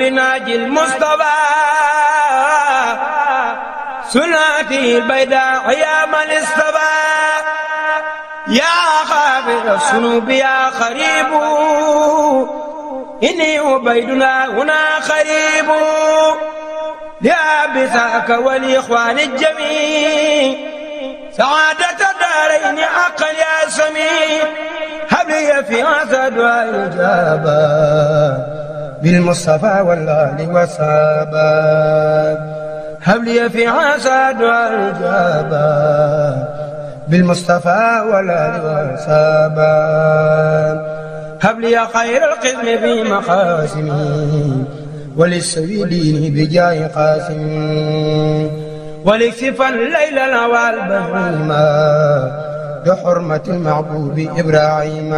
بناج المصطفى سنتي البيداء يا من اصطفى يا خافر الذنوب يا خريب إني عبيدنا هنا خريب لأبساك والإخوان الجميع سعادة الدارين حقا يا سميع هب لي في هذا الدعاء الإجابة بالمصطفى والآل والصحابة هب لي في عسى دعاء الإجابة بالمصطفى والآل والصحابة هب لي خير القسم في مقاسمي وللسويدين بجاه قاسم ولكسفا الليل الأوال بهما بحرمة المعبود إبراهيم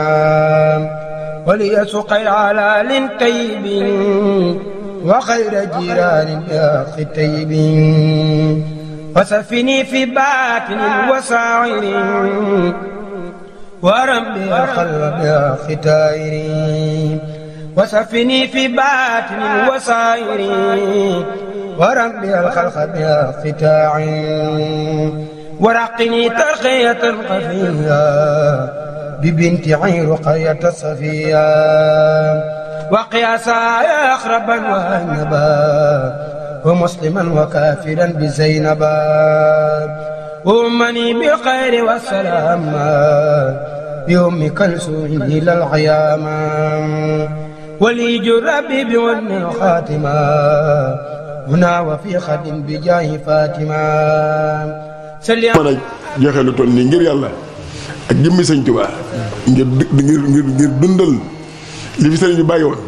وليسق العلال طيب وخير جيران يا طيب وسفني في باطن وساعر وربي قلب يا ختائر وسفني في باطن وسائر وربي الخلق بها فتاعي ورقني ترقية خفية ببنت عين رقية صفية وقياسا أخربا وأنبا ومسلما وكافرا بزينبا وأمني بالخير والسلام بأم كلثوم إلى العيامة وليج ربي بون خاتمة هنا وفي خد بجاه فاتمة. joxe lu toll nii ngir yàlla. ak jëmmi sëñ Tuubaa ngir ngir ngir ngir dundal li fi sëriñ bi bàyyi woon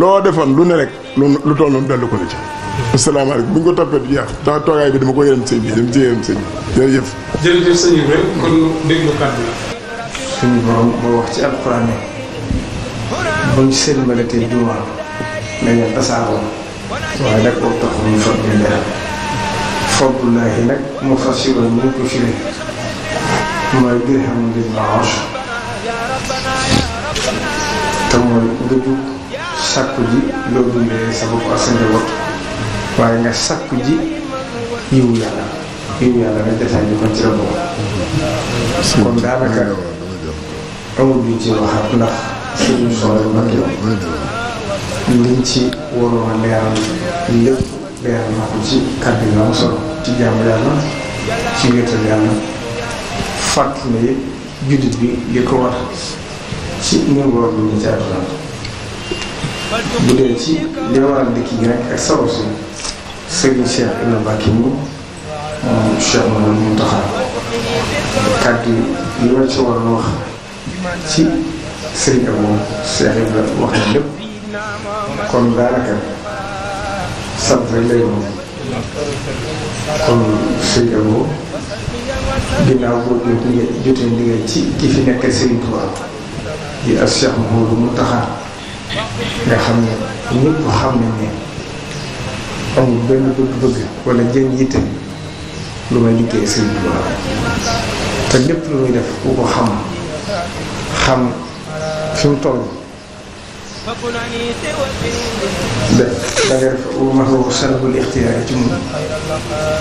loo defoon lu ne rek lu toll noonu dellu ko la ci. asalaamaaleykum bu ñu ko toppee du jeex ndax toogaay bi dama ko yërëm sëñ bi dama ci yërëm sëñ bi jërëjëf. jërëjëf sëñ Ibrahima kon déglu kàddu la. suñu borom moo wax ci alxuraan yi buñ sëlmalatee jumaa nañu tasaaroo waaye nag koo tax ñu foog ñu leeral fadlullaahi nag mu fas yoroon ñu ko firee. mooy dirham ngir ma arsh te nga jug sàkku ji loo dundee sa bopp ak sa njaboot waaye nga sàkku ji yiwu yàlla yiwu yàlla nga jotaay bi kon ci la bokk kon daanaka amul lu ci waxaat ndax suñu soxla mag yow liñ ci waroon a leeral lépp fàttali juddit bi li ko war ci ñun borom bi ñu ci àdduna bu dee ci li waral dëkk gi nag ak sabab si sëriñ Cheikh Ibn Bakki mu moom Cheikh Mamadou Mountakha kàddu yi war ci waroon ci sëriñ ak moom wax na lépp kon daanaka sant ginnaaw boobu ñu ngi jotee liggéey ci ki fi nekk Serigne Touba di as Cheikh Mouhamadou Mountakha nga xam ne ñëpp xam ne ne amul benn bëgg-bëgg wala jën yitte lu ma liggéey Serigne Touba te lépp lu muy def ku ma ko salbul ixtiyaar ci moom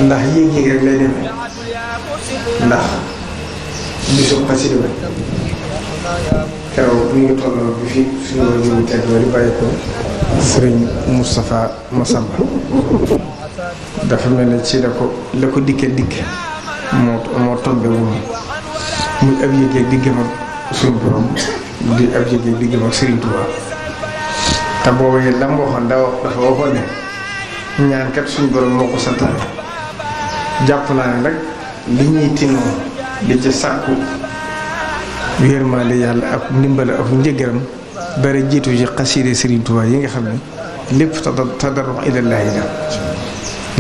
ndax yéeg yéeg rek lay demee. ndax bisu xasida ba keroog ñu ngi bi fi suñu mel ne ci la ko la ko dikke dikke boobu yëpp la mu waxoon daa dafa waxoon ne suñu borom moo ko santaane jàpp naa ne nag. li ñuy tinoo di ci sàkku yërmaale yàlla ak ndimbal ak njëgëram bare jiitu ci xasiide Sëriñ Tuubaa yi nga xam ne lépp tadaru ilallaahi la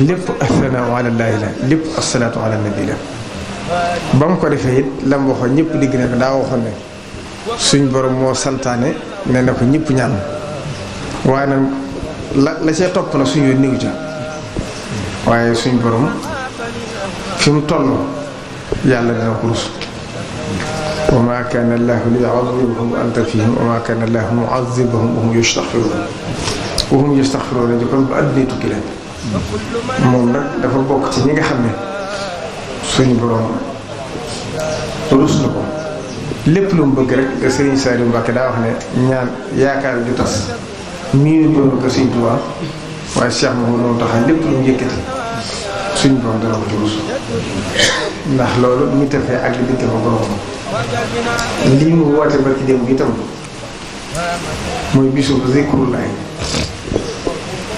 lépp asanaaw alallaahi la lépp asalaatu ala nabi la ba mu ko defee it la mu waxoon ñëpp digg na ko daa waxoon ne suñ borom moo santaane ne ko ñëpp ñaan waaye nag la la see topp na suñu yoon néew ca waaye suñ borom fu mu toll yàlla dana ko rus wa ma kaana llaahu liyu'azzibahum wa anta fihim wa ma kaana llaahu mu'azzibahum wa hum yastaghfiruun wa hum yastaghfiruun ji kon ba àddina tukki leen moom nag dafa bokk ci ñi nga xam ne suñu borom rus na ko lépp lu mu bëgg rek da Serigne Saliou Mbacké daa wax ne ñaan yaakaar ju tas miinu doon ko Serigne Touba waaye Cheikh Mouhamadou tax lépp lu mu yëkkati suñ borom dana ko ci ndax loolu mi tafee ak li diggante fa lii mu woote ba ci démb itam mooy bisu zikrullahi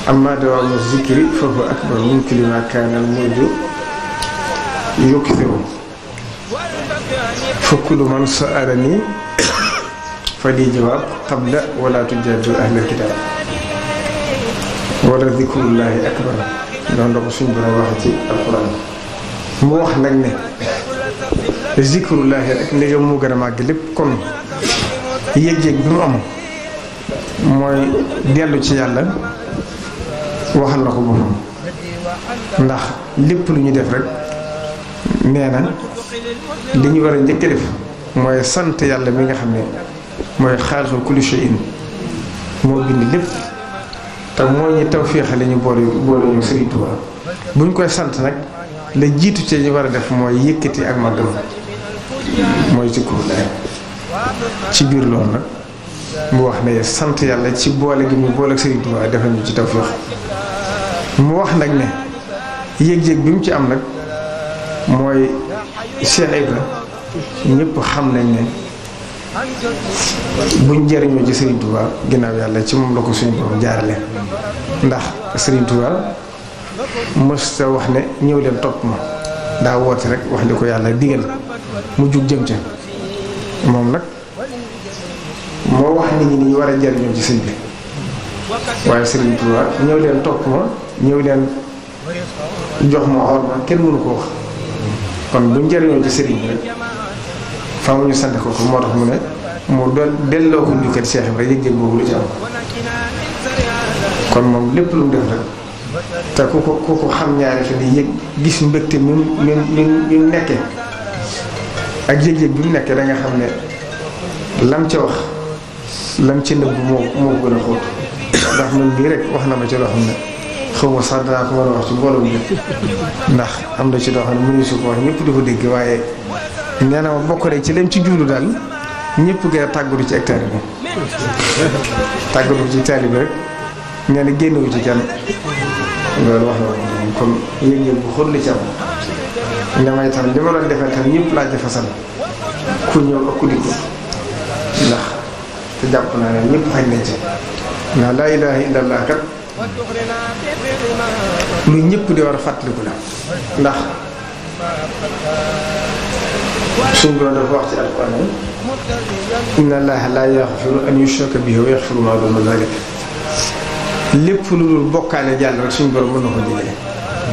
amma dawaamu zikri fa huwa akbar min kilima kaanal muridu yuksiru fa kullu man sa'alani fa di jawaab qabla wala tujaadilu ahlal kitaab wala zikrullahi akbar noonu la ko suñ borom waxee ci alxuraan mu wax nag ne zikrullahi rek ndegam mu gën a màgg lépp kon yëg-yëg bi mu am mooy dellu ci yàlla waxal na ko boppam ndax lépp lu ñu def rek nee na li ñu war a njëkk def mooy sant yàlla mi nga xam ne mooy xaalisu kulli shay'in moo bind lépp te moo ñu tawféex la ñu boole boole ñu Serigne Touba bu ñu koy sant nag la jiitu ci ñu war a def mooy yëkkati ak màggal mooy ci kuréel ci biir loolu nag mu wax ne sant yàlla ci boole gi mu boole ak Serigne Touba defal ñu ci tawféex mu wax nag ne yëg-yëg bi mu ci am nag mooy Cheikh Ibra ñëpp xam nañ ne. buñ jëriñoo ci Serigne Touba ginnaaw yàlla ci moom la ko suñu borom jaarale ndax Serigne Touba mës ta wax ne ñëw leen topp ma daa woote rek wax li ko yàlla digal mu jug jëm ca moom nag moo wax nit ñi ni war a jëriñoo ci sëñ bi waaye Serigne Touba ñëw leen topp ma ñëw leen jox ma xor ma kenn mënu ko wax kon buñ jëriñoo ci Serigne bi faaw ñu sant ko ko moo tax mu ne mu doon delloo ko njukkal Cheikh Ibrahima yëg-yëg boobu lu ci am kon moom lépp lu mu def rek te ku ko ku ko xam ñaari fa di yëg gis mbégte mi mi mi mi nekkee ak yëg-yëg bi mu nekkee da nga xam ne lam ca wax lam ca nëbb moo moo gën a xóot ndax moom bii rek wax na ma ci loo xam ne xaw ma sax danaa ko mën a wax ci mbooloo mi ndax am na ci doo xam ne mu su ko wax ñëpp di ko dégg waaye nee na ma bokk rek ci leen ci jublu daal ñëpp gën a tàggatu ci hectare bi tàggatu ci hectare bi rek nee génnewu ci kenn loolu wax na kon yëg-yëg bu xóot la ci ñëpp laa jëfasal ku ñëw ak ku ndax te jàpp naa ne ñëpp xañ nañ ci ndax laa ilaaha illallaah lu ñëpp di war a fàttaliku la ndax suñu borom dafa wax ci alquran inna allaha laa yaxfiru an yushraka bihi wa yaxfiru maa duuna zalika lépp lu dul bokkaale jàll rek suñu borom mën na ko jigéen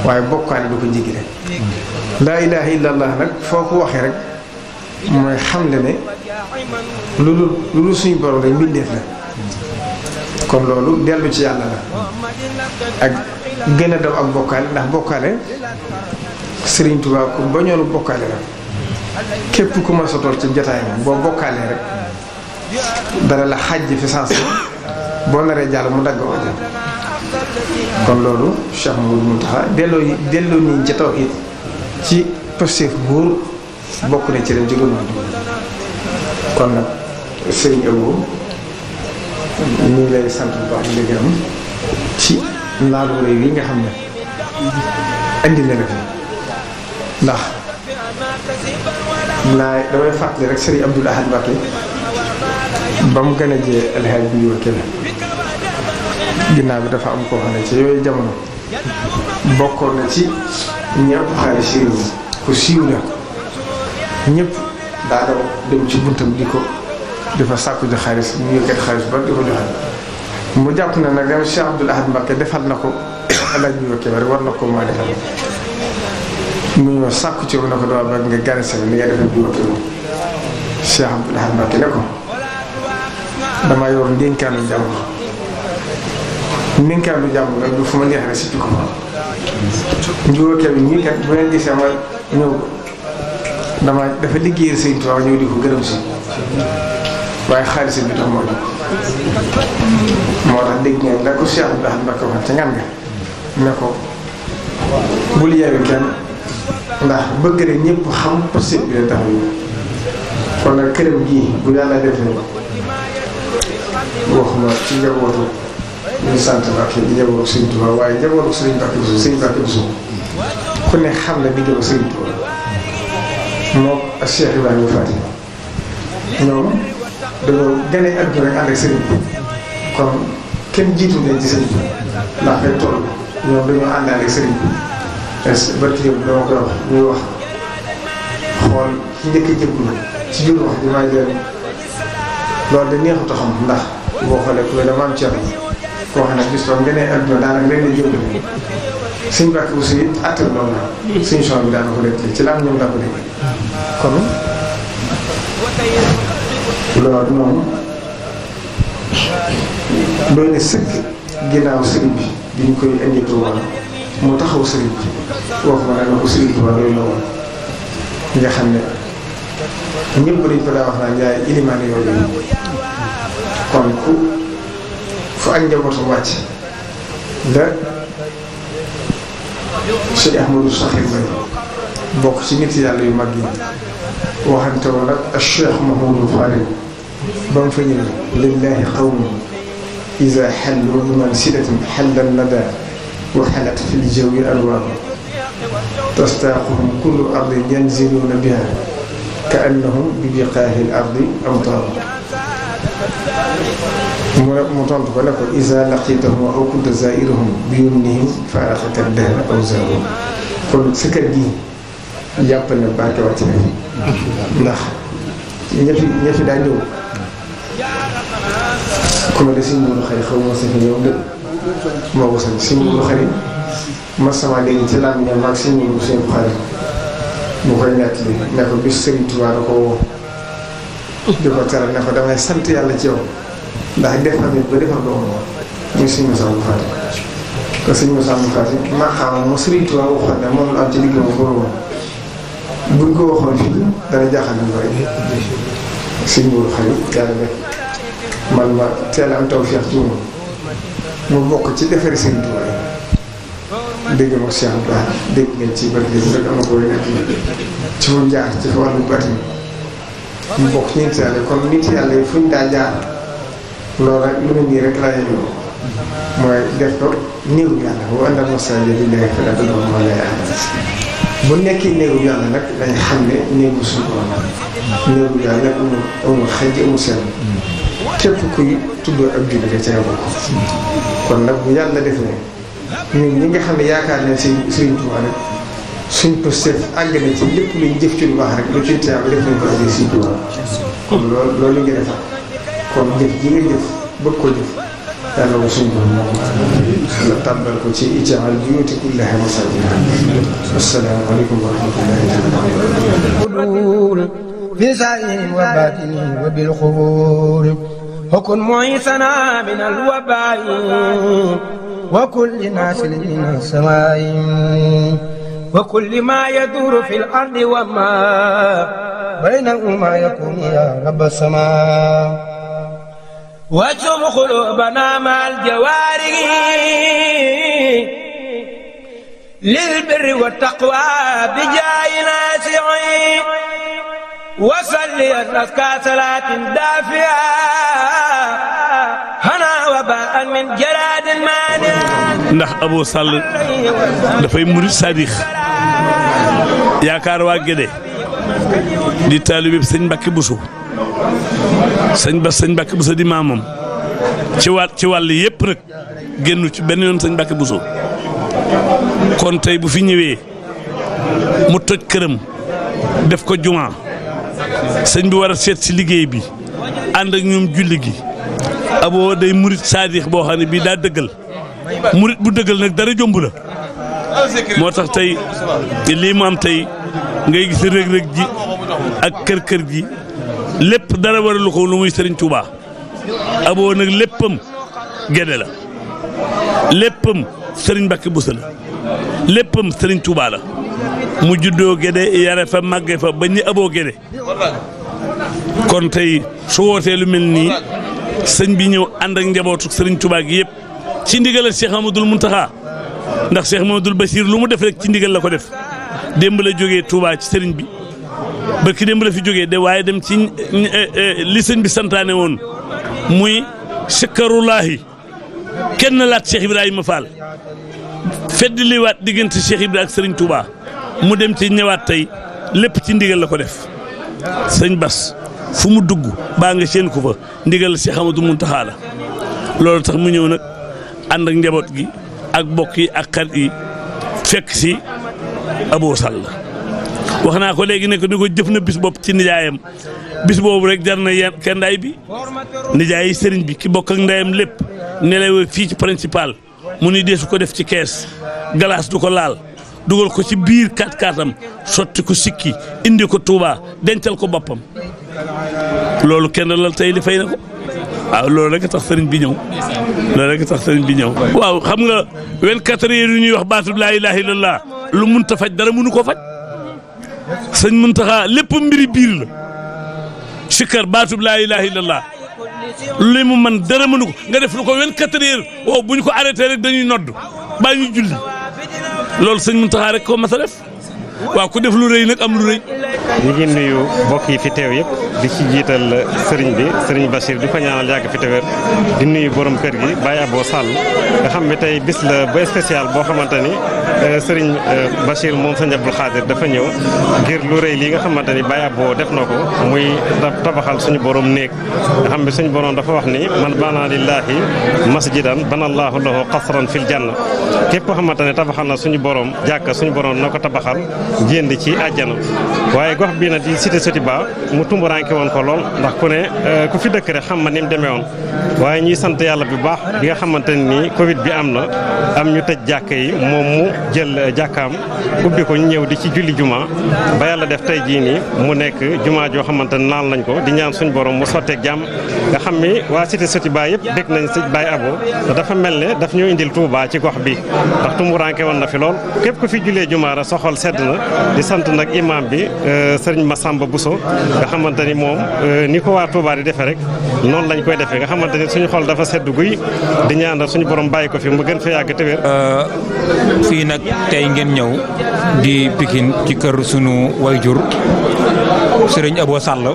waaye bokkaale du ko jigéen laa ilaha illa allah nag foo ko waxee rek mooy xamle ne lu dul lu dul suñu borom rek mbindeef la kon loolu dellu ci yàlla la ak gën a daw ak bokkaale ndax bokkaale Sëriñ Tuubaa ko bañoonu bokkaale la képp ku ma sotool ci jotaay bi boo bokkaalee rek dana la xàjj fi sens boo naree jàll mu dagg wàll. kon loolu Cheikh Mawud Mountakha delloo yi delloo nii ci tawhid ci pësteef buur bokk na ci la ci kon nag Serigne Abo ngi lay sant bu baax di la gërëm ci naalu réew yi nga xam ne andi na la ndax. naa damay fàttali rek sëriñ Abdul Ahad Mbacké ba mu gën a jee alxaaj bi yow bi dafa am koo xam ne ci yooyu jamono bokkoon na ci ñëpp xaalis si réew siiw la ñëpp daa daw dem ci buntam di ko di fa xaalis mu yëkkat xaalis ba di ko mu jàpp na nag Cheikh Abdul Ahad defal na ko alxaaj bi yow kenn rek war na ko maa defal mu ñëw sàkku ci wu ne ko doo bëgg nga gane sa ni nga defee jiw ak yow Cheikh Abdoul Ahad Mbacké ko damaa yor ndénkaanu jàmbur ndénkaanu jàmbur rek fu ma neexee si tukku ko gërëm si waaye xaalis bi tax moo tax moo nga ne bul yeewi kenn. ndax bëgg na ñëpp xam possible tax ñu kon nag këram gii bu yàlla defee waxuma ci njabootu ñu sant Mbàkke di njabootu Sëriñ Tuuba waaye njabootu Sëriñ Mbàkke Buso Sëriñ Mbàkke Buso ku ne xam na bi kon kenn jiitu nañ ci sëriñ bi ndax day toll ñoom dañoo àndaale ak sëriñ est-ce que bët yëpp wax muy wax xool ci njëkk a jëblu ci biir wax ji maa jëriñ loolu da neexut a xam ndax boo xoolee ku mel ne maam Thierno koo xam ne bis boobu beneen adduna daanaka suñ bàkk aussi attel loolu la suñ son bi daana ko dégg ci laam ñoom daa ko dégg kon loolu moom doy na sëkk ginnaaw sëriñ bi diñ koy indi Tuubaa moo taxaw sëriñ bi wax ma ne ko sëriñ bi wax loolu nga xam ne ñëpp dañ ko daa wax naan yaay ilimaan yooyu kon ku fu ak njabootam wàcc la Cheikh Ahmadou Sakhir Mbaye bokk ci nit yàlla yu mag yi waxante woon ak Cheikh Mahamadou Farid ba mu fa ñëwee lillahi qawmun iza xallu min sidatin xallan nada وحلت في الجو ألوان تستاقهم كل أرض ينزلون بها كأنهم ببقاع الأرض أمطار mu tontu ko ne ko isa laqitahum aw kunta zairahum bi yumnihim faaraqaka dahra aw zaahum kon sa kër gi jàpp na barke wàcc na fi ndax ña fi ña fi daa ñëw ku ma de si ñëw xëy xaw ma sa fi ñëw dëgg moo ko sañ si ñun xarit masama léegi ci laaj ñoom ak si ñun seen xarit mu koy nekk li ne ko bis Sëriñ Tuubaa da woo. di ko teral ne ko damay sant yàlla ci ndax defar nit ba defar doomu xam mu Sëriñ Tuubaa waxoon ne moom am ci liggéeyam bu borom buñ ko waxoon fii dana jaaxal ñu bëri suñu xarit yàlla nekk man ma teel am tawfeex ci moom. mu bokk ci defar seen tubaab dégg nga Cheikh Ibrahima dégg ngeen ci bët yi rek am na ko nekk ci mu jaar ci wàllu yi mu bokk nit yàlla kon nit yàlla yi fuñ daa jaar loolu rek lu ne nii rek laa ñëw mooy def ko néew yàlla bu àndal message bi ñu nekk dafa doon moo lay àndal dañ xam ne néew suñu ko néew yàlla amul amul xaj amul seen képp kuy tuddoo ak jullit da caa bokk. kon nag bu yàlla def ne ñun ñi nga xam ne yaakaar ne sëñ sëriñ Tuubaa rek suñ ko seet àgg na ci lépp luñ jëf ci lu baax rek lu ci teew def nañ ko àggee sëñ Tuubaa kon loolu loolu nga defal kon jëf ji nga jëf bëgg ko jëf yàlla ko suñ borom moom la tàmbal ko ci ijaal buyuti kullaha masajida assalaamu aleykum wa rahmatullahi taala wa barakatuh fi sa'in wa batini wa bil qubur وكن معيسنا من الوباء وكل ناس من السماء وكل ما يدور في الأرض وما بينهما يكون يا رب السماء واجم قلوبنا مع الجوارح للبر والتقوى بجاه ناسعين وصلي أزكى صلاة ndax Abou Sall dafay murid sadix yaakaar waa Gédé di taalibe bi sëñ Mbacke Bousso sëñ ba sëñ Mbacke Bousso di maamam ci wàll yépp wàll génnu ci benn yoon sëñ Mbacke Bousso kon tey bu fi ñëwee mu toj këram def ko jumaa sëñ bi war a seet ci liggéey bi ànd ak ñoom julli gi aboo day murit saadix boo xam ne bii daa dëggal murit bu dëggal nag dara jomb la moo tax tey lii mu tey ngay gis rëg-rëg ji ak kër-kër ji lépp dara waralu ko lu muy sëriñ Tuubaa aboo nag léppam gede la léppam sëriñ Mbàkke Buso la léppam sëriñ Tuubaa la mu juddoo Gédé yare fa màgge fa ba ñu aboo Gédé kon tey su wootee lu mel nii sëñ bi ñëw ànd ak njabootu sëriñ Tuubaa gi yëpp ci ndigal ak Cheikh Amadou Mountakha ndax seex Cheikh dul Bassir lu mu def rek ci ndigal la ko def démb la jógee tuubaa ci sëriñ bi barki démb la fi jógee de waaye dem ci eh, eh, li sëñ bi santaane woon muy sikkarulaahi kenn laat Cheikh Ibrahima Fall fedd liwaat diggante Cheikh Ibrahima ak sëriñ Touba. mu dem ci ñëwaat tey lépp ci ndigal la ko def sëñ Bas fu mu dugg baa ngi seen ko fa ndigal si xamatu Muntaxa la loolu sax mu ñëw nag ànd ak njaboot gi ak bokk yi ak xarit yi fekk si Abou Sall wax naa ko léegi ne ko ni ko jëf na bis bopp ci nijaayam bis boobu rek jar na yeen kenn day bi nijaay yi sëriñ bi ki bokk ak ndeyam lépp nelewe fii ci principal mu ni deesu ko def ci kees galaas du ko laal dugal ko ci biir kaat kaatam sotti ko sikki indi ko Touba dencal ko boppam loolu kenn la tey li fay na ko waaw loolu rek tax sëriñ bi ñëw loolu rek tax sëriñ bi ñëw. waaw xam nga wenn heures yu ñuy wax baatub laa ilaaha illallah lu mun munta faj dara munu ko faj sëñ Muntaxa lépp mbiri biir la sikkar baatub laa ilaaha illallah li mu man dara mënu ko nga def lu ko 24 heures waaw oh, bu ñu ko arrêté rek dañuy nodd baa ñuy julli. loolu sëñ Muntaxa rek ko mas a def waaw ku def lu rëy nag am lu rëy. ñu ngi nuyu mbokk yi fi teew yi di ci jiital sëriñ bi sëriñ Bachir di ko ñaanal yàgg fi teewer di nuyu borom kër gi Baye Abo Sall nga xam ne tey bis la ba spécial boo xamante ni. Euh, Serigne euh, Bachir moom sëñ Abdou Khadir dafa ñëw ngir lu rëy lii nga xamante ni Baye Abo def na ko muy tabaxal suñu borom néeg nga xam ne suñu borom dafa wax ni man bana lillahi masjidan banallahu lahu qasran fil janna képp koo xamante ne tabaxal na suñu borom jàkka suñu borom na ko tabaxal jënd ci àjjana waaye gox bii nag di cité Sotiba mu tumburanke woon ko lool ndax ku ne euh, ku fi dëkk rek xam ma ni mu demee woon waaye ñuy sant yàlla bu baax bi nga xamante ni Covid bi am na am ñu tëj jàkka yi jël euh, jàkkaam ubbi ko ñu ñëw di ci julli juma ba yàlla def tey jii nii mu nekk juma joo xamante ne naal nañ ko di ñaan suñu boroom mu sotteeg jàmm nga xam ni waa cité sëti baay yëpp dégg nañ si baay aboo te dafa mel ne daf ñu indil tuubaa ci gox bi ndax tumuranke woon na fi lool képp ku fi jullee juma rek soxol sedd na di sant nag imam bi euh, sëriñ Massamba Bousso nga xamante ni moom euh, ni ko waa Touba di defee rek noonu lañ koy defee nga xamante ni suñu xol dafa sedd guy di ñaan suñu borom ko fi mu gën nag tey ngeen ñëw di pikin ci kër sunu wayjur Serigne Abo Sall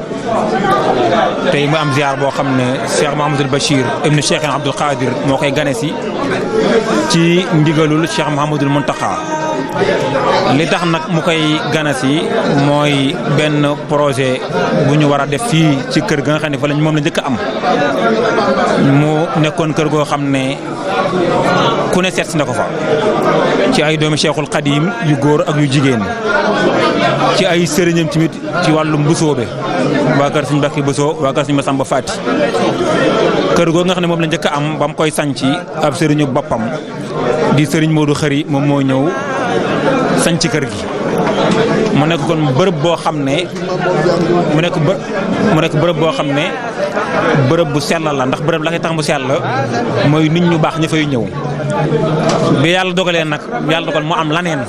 tey mu am ziar boo xam ne Cheikh Mahamadul Bachir ibnu Cheikh Abdul Qadir moo koy gane si ci ndigalul Cheikh Mahamadul Muntaxa li tax nag mu koy ganasi mooy benn projet bu ñu war a def fii ci kër ga nga xam ne fa lañ moom la njëkk am mu nekkoon kër goo xam ne ku ne seet si na ko fa ci ay doomi Cheikhul Xadim yu góor ak yu jigéen ci ay sëriñëm tamit ci wàllum busoobe waa kër suñu Mbàkke Busoo waa kër suñu Masamba Faati kër goo nga xam ne moom la njëkk am ba mu koy sanc ab sëriñu boppam di sëriñ Modou Xëri moom moo ñëw sañ ci kër gi mu nekk kon bërëb boo xam ne mu nekk bë mu nekk bërëb boo xam ne bërëb bu sell la ndax bërëb la koy tax mu sell mooy nit ñu baax ña ñëw bi yàlla dogalee nag yàlla dogal mu am laneen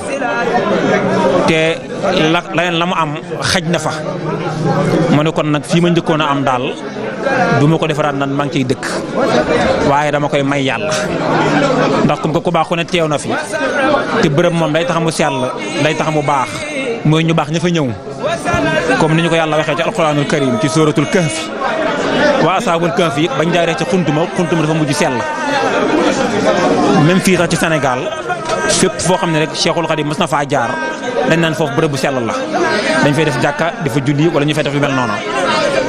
te la laneen la mu am xaj na fa mu ne kon nag fii ma njëkkoon a am daal du ma ko defaraat nan maa ngi ciy dëkk waaye dama koy may yàlla ndax comme que ku baax ku teew na fi te bërëb moom day tax mu sell day tax mu baax mooy ñu baax ña fa ñëw comme ni ñu ko yàlla waxee ci alquranul karim ci sóoratul kahfi waa asaabul kahfi it bañ jaaree ci xuntuma xuntuma dafa mujj sell même fii sax ci Sénégal fépp foo xam ne rek Cheikhul Khadim mës na faa jaar dañ naan foofu bërëb bu sell la dañ fay def jàkka dafa julli wala ñu fay def lu mel noonu.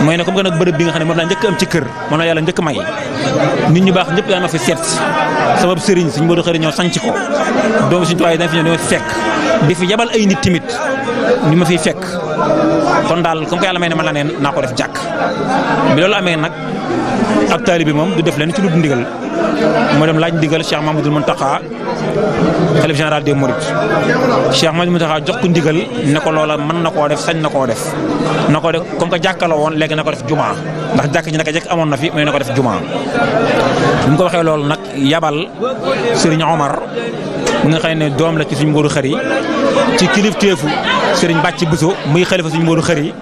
mooy ne comme que nag bërëb bi nga xam ne moom laa njëkk am ci kër moom la yàlla njëkk may nit ñu baax ñëpp daan ma fi seet sama sëriñ suñu moo xëy na ñoo sanc ko doomu suñu tuwaay dañ fi ñëw di ma fi yabal ay nit timit ñu ma fiy fekk kon daal comme que yàlla may ne man la neen naa ko def jàkk bi loolu amee nag ab taalibe moom du def leen ci lu ndigal moo dem laaj ndigal Cheikh Mahmoudul Mountakha xalif général des Mourides Cheikh Mahmoudul Mountakha jox ko ndigal ne ko loola mën na koo def sañ na koo def na ko def comme que jàkka woon léegi na ko def juma ndax jàkk ji naka jekk amoon na fi mais na ko def juma bi mu ko waxee loolu nag yabal Serigne Omar mi nga xam ne doom la ci suñu mbooru xëri ci kilifteefu Serigne Bàcc Bousso muy xalifa suñu mbooru xëri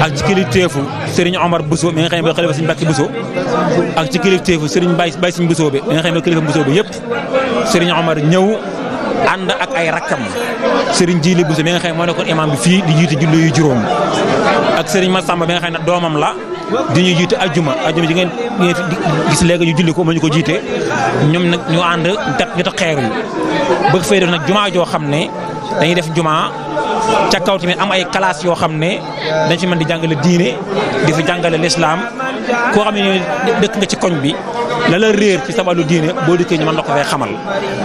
ak ci kilifteefu Serigne Omar Bousso mi nga xam ne mooy mbusoo bi nga xam ne kilifa mbusoo bi yëpp Serigne Omar ñëw ànd ak ay rakkam Serigne Jili Bousso mi nga xam ne moo nekkoon imam bi fii di jiite julli yu juróom ak ma Massamba bi nga xam ne doomam la di ñuy jiite ajjuma ajjuma ji ngeen ngeen gis léegi ñu julli ko ma ñu ko jiite ñoom nag ñu ànd tat ñu tax xeer yi bëgg fay def nag jumaa joo xam ne dañuy def jumaa ca kaw tamit am ay classes yoo xam ne dañ fi mën di jàngale diine di fi jàngale lislaam koo xam ne dëkk bi la la réer ci sabalu diine boo dikkee ñu mën na ko fay xamal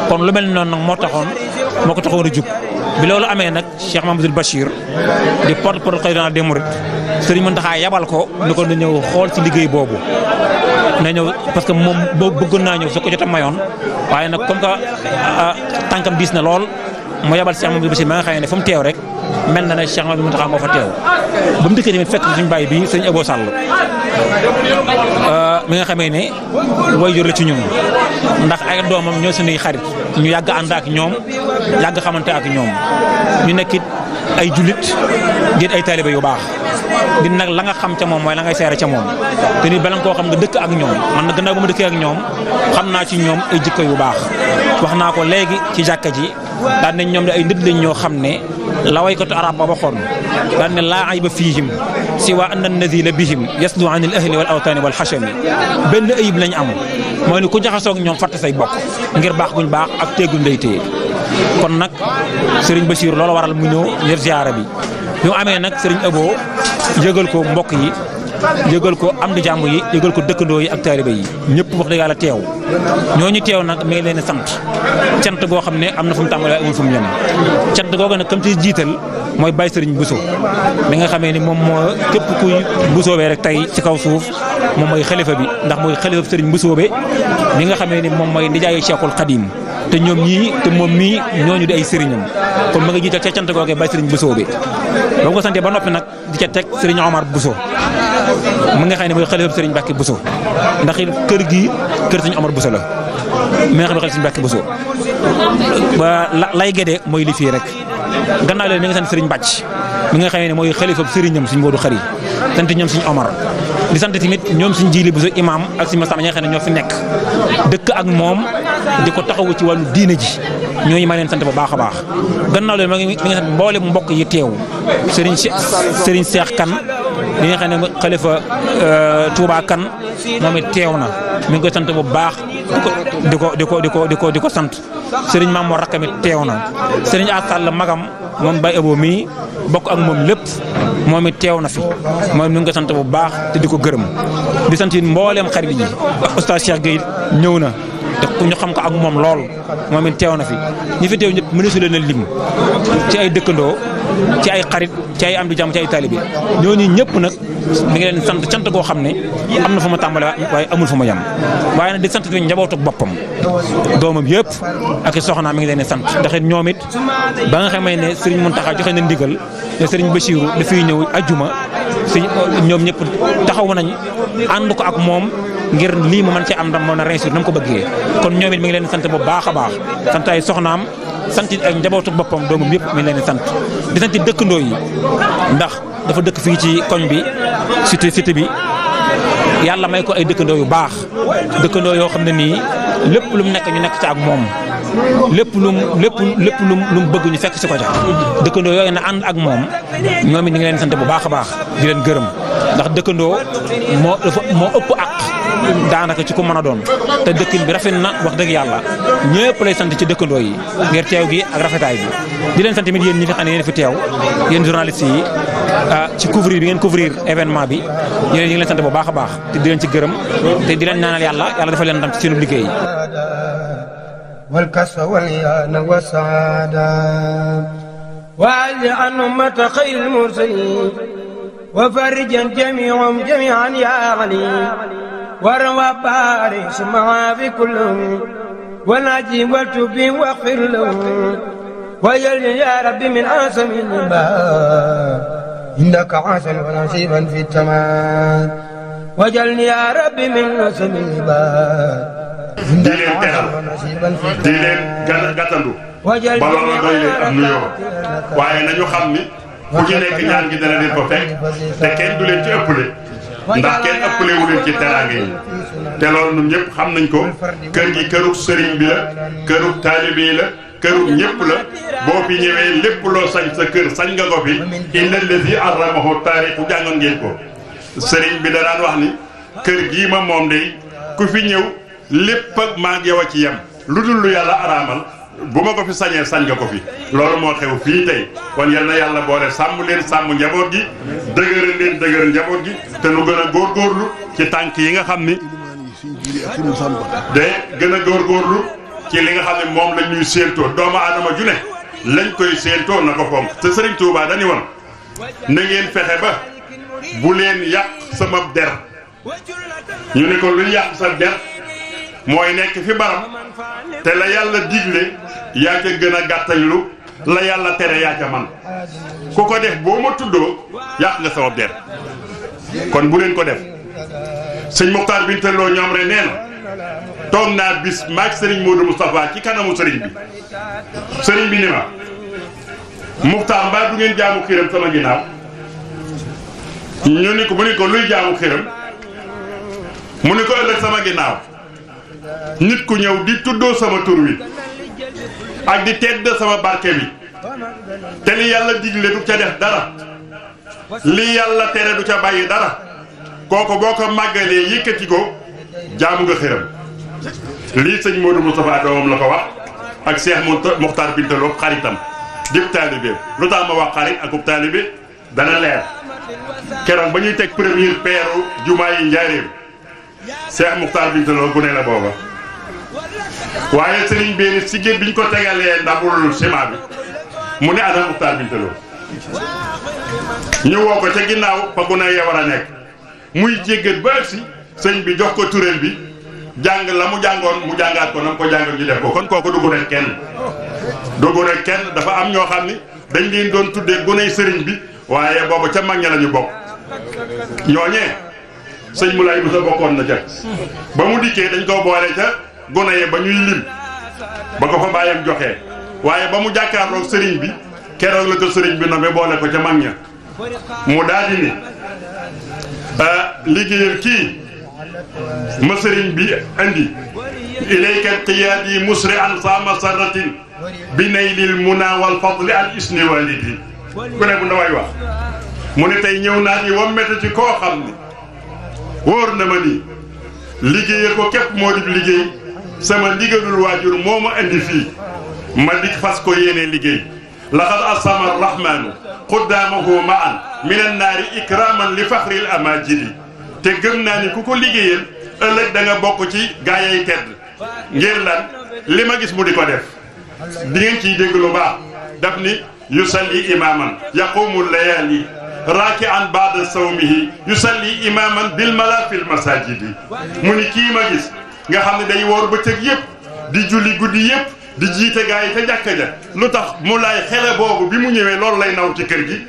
kon lu mel noonu nag moo taxoon moo ko taxoon a jug bi loolu amee nag Cheikh Mamadou Bachir di porte porte président des Mourides sëriñ Mountakha yabal ko ni ko na ñëw xool ci liggéey boobu na ñëw parce que moom boo bëggoon naa ñëw su ko jota mayoon waaye nag comme que ah, tànkam diis na lool mu yabal Cheikh Mamadou Bachir ma nga xam ne fu mu teew rek mel na ne Cheikh Mamadou Mountakha moo fa teew ba mu dikkee tamit fekk suñu bàyyi bi sëriñ Abo Sall Euh, mi nga xamee ne waajur la ci ñun ndax ay doomam ñoo suñuy xarit ñu yàgg ànd ak ñoom yàgg xamante ak ñoom ñu nekkit ay jullit di ay taalibe yu baax di nag la nga xam ca moom mooy la ngay seere ca moom te ni bala koo xam nga dëkk ak ñoom man na gannaaw ba ma dëkkee ak ñoom xam naa ci ñoom ay jikko yu baax wax naa ko léegi ci jàkka ji daan nañ ñoom di ay nit lañ ñoo xam ne laway la waykatu arab ba waxoon daan ne laa ayba fiihim siwa anna nazila bihim yaslu an al ahli wal awtaani wal xachami benn ayib lañ am mooy ni ku jaxasoog ñoom fàtte say bokk ngir baax guñ baax ak teegul ndey téye kon nag ba Bachir loola waral mu ñëw ngir ziyaara bi ñu amee nag Serigne Abo yëgal ko mbokk yi yëgal ko am di jàmm yi yëgal ko dëkkandoo yi ak taariba yi ñëpp wax dëgg yàlla teew ñooñu teew nag mi ngi leen sant cant goo xam ne am na fu mu tàmbalee amul fu mu yem cant googu nag kam ci jiital mooy Baye sëriñ Bousso mi nga xamee ni moom moo képp kuy Boussowee rek tey ci kaw suuf moom mooy xalifa bi ndax mooy xalifa Serigne Bousso bi nga xamee ni moom mooy nijaayu Cheikhul Khadim te ñoom ñii te moom mii ñooñu di ay sëriñam kon ma nga jiital ca cant googee bay sëriñ Bousso bi boo ko santee ba noppi nag di ca teg sëriñ Omar Bousso mu nga xam ne mooy xalifa sëriñ Mbàkke Bousso ndax kër gi kër sëriñ Omar Bousso la mi nga xam ne xalifa sëriñ Mbàkke Bousso lay gede mooy li fii rek gannaaw leen mi nga sëriñ Bàcc mi nga xam mooy xalifa sëriñam suñ Moodu Xari sant ñoom suñ Omar di tamit ñoom suñ Jiili Bousso imam ak suñ Masamba ñi nga xam ñoo fi nekk dëkk ak moom di ko taxawu ci wàllu diine ji ñooñu ma leen sant bu baax a baax gannaaw leen ma ngi mi ngi sant mboole bu mbokk yi teew sëriñ sëriñ Cheikh Kane li nga xam ne xalifa euh, Touba Kane moom it teew na mi ngi koy sant bu baax di ko di ko di ko di ko di ko sant sëriñ maam moo rakkamit teew na sëriñ Assall magam moom Baye Abo mii bokk ak moom lépp moom it teew na fi moom ñu ngi ko sant bu baax te di ko gërëm di sant it xarit yi Oustaz Cheikh Gueye ñëw na te ñu xam ko ak moom lool moom it teew na fi ñi fi teew ñëpp mëneesu leen a lim ci ay dëkkandoo ci ay xarit ci ay am di jàmm ci ay taalibe ñooñu ñëpp nag mi ngi sant cant goo xam ne am na fa ma tàmbale waaye amul fa ma yem waaye nag di sant tamit njabootu boppam doomam yëpp ak i soxnaa mi ngi leen sant ndax it ñoom it ba nga xamee ne Serigne Mountakha joxe na ndigal ne Serigne Bachirou dafay ñëw ajjuma si ñoom ñëpp taxaw nañ ànd ko ak moom ngir lii mu mën ci am ndam mën a réussir na mu ko bëggee kon ñoom it mi ngi leen sant bu baax baax sant ay soxnaam sant it ak njabootu boppam doomam yëpp mi leen di sant di sant dëkkandoo yi ndax dafa dëkk fii ci koñ bi cité cité bi yàlla may ko ay dëkkandoo yu baax dëkkandoo yoo xam ne nii lépp lu nekk ñu nekk ci ak moom lépp lu lépp lépp lu mu bëgg ñu fekk si ko ca dëkkandoo yooyu na ànd ak moom ñoom it ñu ngi leen sant bu baax a baax di leen gërëm ndax dëkkandoo moo ëpp ak daanaka ci ku mën a doon te dëkkin bi rafet na wax dëgg yàlla ñëpp lay sant ci dëkkandoo yi ngir teew gi ak rafetaay bi di leen sant tamit yéen ñi nga xam ne yéen fi teew yéen journalistes yi ah, ci couvrir bi ngeen couvrir événement bi yéen ñi leen sant bu baax a baax te di leen ci gërëm te di leen ñaanal yàlla yàlla dafa leen ndam ci seenu liggéey والكسر واليان والسعادة وأجل أن أمة خير المرسلين وفرجا جميعهم جميعا يا علي وروى باريس معا في كلهم وناجي وتوبي واغفر لهم ويلي يا ربي من اعظم الانباء انك عسل ونصيبا في التمام وجلني يا ربي من اعظم الانباء di leen teral di leen gànn gàttandu ba loola doy leen am nuyoo waaye nañu xam ni ku ci nekk ñaan gi dana leen ko fekk te kenn du leen ci ëppale ndax kenn ëppale wu leen ci teraanga yi te loolu ñun ñëpp xam nañ ko kër gi kërug sëriñ bi la kërug taalibe la kërug ñëpp la boo fi ñëwee lépp loo sañ sa kër sañ nga ko fi illa lazi arramahu taarix bu jàngoon ngeen ko sëriñ bi danaan wax ni kër gii ma moom day ku fi ñëw lépp ak maa yow a ci yem lu dul lu yàlla araamal bu ma ko fi sañee sañ nga ko fi loolu moo xew fii tey kon yal na yàlla boole sàmm leen sàmm njaboot gi dëgëral leen dëgëral njaboot gi te nu gën a góor ci tànk yi nga xam ni de gën a góorgóorlu ci li nga xam ne moom la ñuy séentoo doomu aadama ju ne lañ koy séentoo na ko fonk te Serigne Touba dañu woon na ngeen fexe ba bu leen yàq sama der ñu ne ko lu yàq sa der mooy nekk fi barab te la yàlla digle yaa ca gën a gàttañlu la yàlla tere yaa ca man ku ko def boo ma tuddoo yàq nga sabab der kon bu leen ko def sëñ Mokhtar Binta Lo ñoom rek nee na toog naa bis maag sëriñ Modou Moustapha ci kanamu sëriñ bi sëriñ bi ni ma Mokhtar mbaa du ngeen jaamu xiram sama ginnaaw ñu ko mu ni ko luy jaamu xiram mu ni ko ëllëg sama ginnaaw nit ku ñëw di tuddoo sama tur wi ak di tedd sama barke bi te li yàlla digle du ca def dara li yàlla tere du ca bàyyi dara kooku boo ko màggalee yëkkati jaamu nga xëram lii sëñ Modou Moustapha doomam la ko wax ak Cheikh Mouta Mokhtar Bintaloo xaritam dib taalibe lu tax ma wax xarit akub taalibe dana leer keroog ba ñuy teg première peeru jumaa yi njaareem Cheikh Muxtaar Bintaloo ku ne la booba waaye sëriñ bi ni si géej bi ñu ko tegalee ndabul ciment bi mu ne ana Muxtaar Bintaloo ñu woo ko ca ginnaaw fa gune ya war a nekk muy jéggat ba si sëñ bi jox ko tureel bi jàng la mu jàngoon mu jàngaat ko nam ko jàngoon ñu def ko kon kooku du gune kenn du gune kenn dafa am ñoo xam ni dañ leen doon tuddee guney sëriñ bi waaye boobu ca mag ña la bokk ñooñee sëñ Moulay Moussa bokkoon na ca ba mu dikkee dañ koo boole ca gone ye ba ñuy lim ba ko fa bàyyam joxee waaye ba mu jàkkaarloog sëriñ bi keroog la ko sëriñ bi nobe boole ko ca mag mu daal di kii ma sëriñ bi andi ilayka qiyaadi musri an saama sarratin bi naylil muna wal fadli al isni walidi ku ne bu ndawaay wax mu ne tey ñëw naa di wammete ci koo xam ne wóor na ma ni liggéeye ko képp moo di liggéey sama ndigalul waajur moo ma indi fii ma dik fas ko yéenee liggéey laqad asama arrahmanu quddaamahu ma an min annaari li faxril amajidi te gën naa ni ku ko liggéeyal ëllëg da bokk ci gaayay tedd ngir lan li ma gis mu di ko def di ngeen ciy dégg lu baax daf ni yusalli imaman yaqumu layali raaki'an ba'da sawmihi yusalli imaman bil mala fil masajidi mu ni kii ma gis nga xam ne day woor bëccëg yëpp di julli guddi yëpp di jiite gaa yi te jàkka ja lu tax mu laay xele boobu bi mu ñëwee loolu lay naw ci kër gi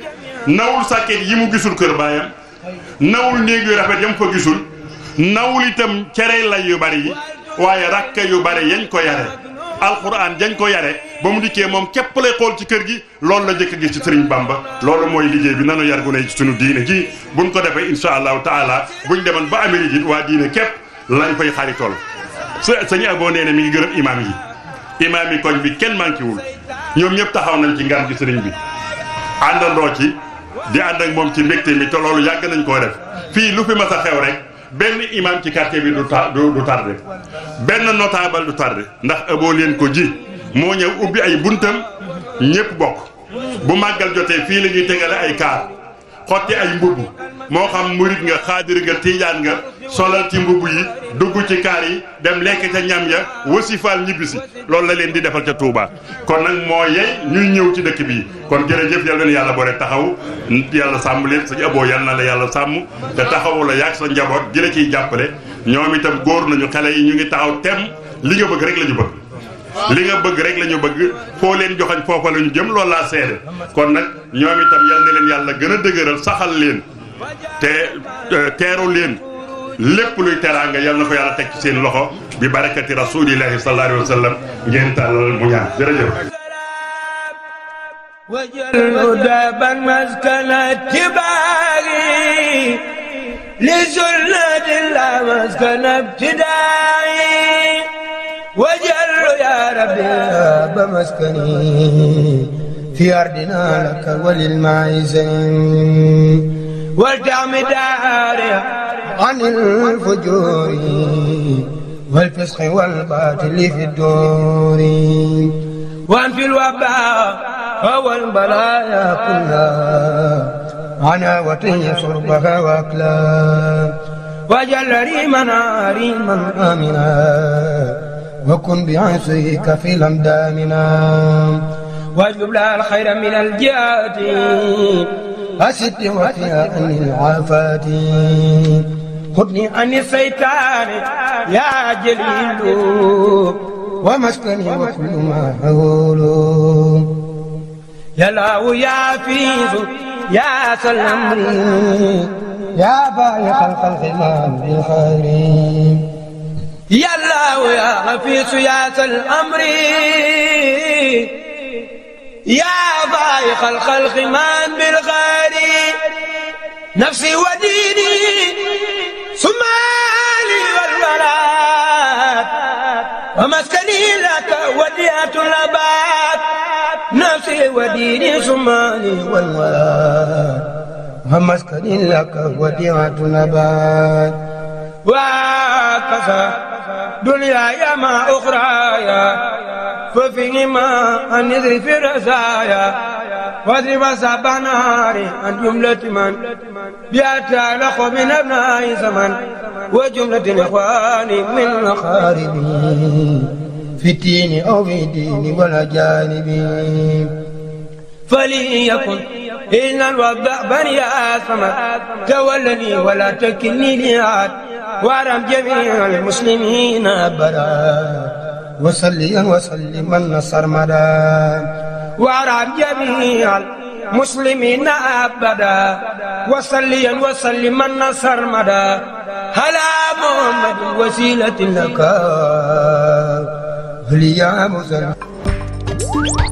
nawul sàkket yi mu gisul kër baayam nawul néeg yu rafet yam ko gisul nawul itam cere lay yu bari yi waaye rakk yu bari yañ ko yare alquran jañ ko yare ba mu dikkee moom képp lay xool ci kër gi loolu la jëkk a gis ci Serigne Bamba loolu mooy liggéey bi nanu yar gune ci suñu diine ji buñ ko defee insha allahu taala buñ demoon ba Amérique it waa diine képp lañ fay xaritool sëñ aboo nee na mi ngi gërëm imaam yi imaam yi koñ bi kenn manquéwul ñoom ñëpp taxaw nañ ci ngan gi sëriñ bi àndandoo ci di ànd ak moom ci mbégte mi te loolu yàgg nañ ko def fii lu fi ma a xew rek benn imam ci quartier bi du ta du tardé benn notable du tardé ndax aboo leen ko ji moo ñëw ubbi ay buntam ñëpp bokk bu màggal jotee fii la ñuy tegale ay kaar xotti ay mbubb moo xam murit nga xaadir nga tiijaan nga solal ci mbubb yi dugg ci kaar yi dem lekk ca ñam ya wasifaal ñibbisi loolu la leen di defal ca Touba kon nag moo yey ñuy ñëw ci dëkk bi kon jërëjëf yal leen yàlla boole taxaw yàlla sàmm leen sañ aboo yal na yàlla sàmm te taxawu la yaag njaboot di la ciy jàppale ñoom itam góor nañu xale yi ñu ngi taxaw tem li nga bëgg rek la ñu bëgg li nga bëgg rek lañu bëgg foo leen joxañ foofa lañu ñu jëm loolu laa seede kon nag ñoom itam yal na leen yàlla gën a dëgëral saxal leen te euh, teeru leen lépp luy teraanga yal na ko yàlla teg ci seen loxo bi barakati rasulillahi sallallahu mu ñaan jërëjëf وجربا مسكنا اتباعي لسنة الله مسكن واجعله يا ربي باب مسكني في أرضنا لك وللمعزين والدعم داري عن الفجور والفسق والباطل في الدور وان في الوباء والبلايا كلها عنا وطي شربها واكلا وجل ريما ريما امنا وكن بعصيك في الأمدان نام واجلب لها الخير من الجهات أسد وفيها أن العافات خذني عن الشيطان يا جليل ومسكني وكل ما حول يا الله يا فيز يا سلام يا بايع الخلق ما بالخير yàllaahu yaa xafiisu yaa sal amri yaa bàyyi xalxal ximaan bil xaari nafsi wa diini sumaali wal baraat wa maskani laka wadiyatul abaat nafsi wa diini sumaali wal baraat wa maskani laka wadiyatul abaat waa kasa دنياي ما أخرايا ففيهما أن يذرف رزايا واضرب سبع ناري عن جملة من بأتى لخو من أبناء زمن وجملة إخواني من مخاربي في الدين أو في ديني ولا جانبي فليكن إن وضع يا صمد تولني ولا تكلني لعاد وارم جميع المسلمين برا وصليا وسلما سرمدا وارم جميع المسلمين أبدا وصليا وسلما سرمدا هلا محمد وسيلة لك هل يا مزلم